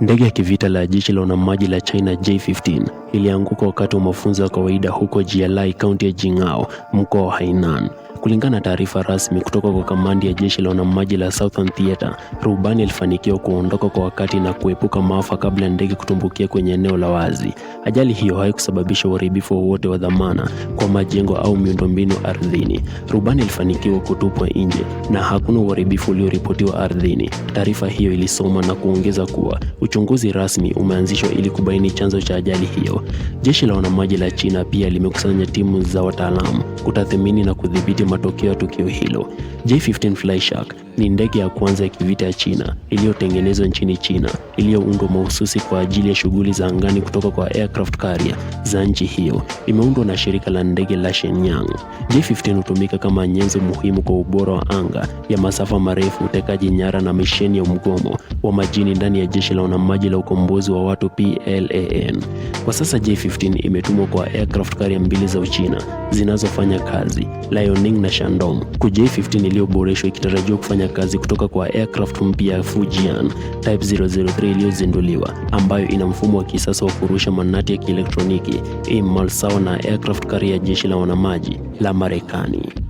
Ndege ya kivita la jeshi la wanamaji la China J-15 ilianguka wakati wa mafunzo ya kawaida huko Jialai, kaunti ya Jing'ao, mkoa wa Hainan. Kulingana na taarifa rasmi kutoka kwa kamandi ya jeshi la wanamaji la Southern Theater, rubani alifanikiwa kuondoka kwa wakati na kuepuka maafa kabla ya ndege kutumbukia kwenye eneo la wazi. Ajali hiyo haikusababisha uharibifu wowote wa dhamana kwa majengo au miundombinu ardhini. Rubani alifanikiwa kutupwa nje na hakuna uharibifu ulioripotiwa ardhini. Taarifa hiyo ilisoma na kuongeza kuwa uchunguzi rasmi umeanzishwa ili kubaini chanzo cha ajali hiyo. Jeshi la wanamaji la China pia limekusanya timu za wataalamu kutathmini na kudhibiti matokeo ya tukio hilo. J15 Flyshark ni ndege ya kwanza ya kivita ya China iliyotengenezwa nchini China, iliyoundwa mahususi kwa ajili ya shughuli za angani kutoka kwa aircraft carrier za nchi hiyo. Imeundwa na shirika la ndege la Shenyang. J-15 hutumika kama nyenzo muhimu kwa ubora wa anga ya masafa marefu, utekaji nyara na misheni ya mgomo wa majini ndani ya Jeshi la Wanamaji la Ukombozi wa Watu PLAN. Kwa sasa J-15 imetumwa kwa aircraft carrier mbili za Uchina zinazofanya kazi, Liaoning na Shandong, Kwa J-15 iliyoboreshwa ikitarajiwa kufanya wafanyakazi kutoka kwa aircraft mpya ya Fujian Type 003 iliyozinduliwa ambayo ina mfumo wa kisasa wa kurusha manati ya kielektroniki IMAL sawa na aircraft carrier ya jeshi la wanamaji la Marekani.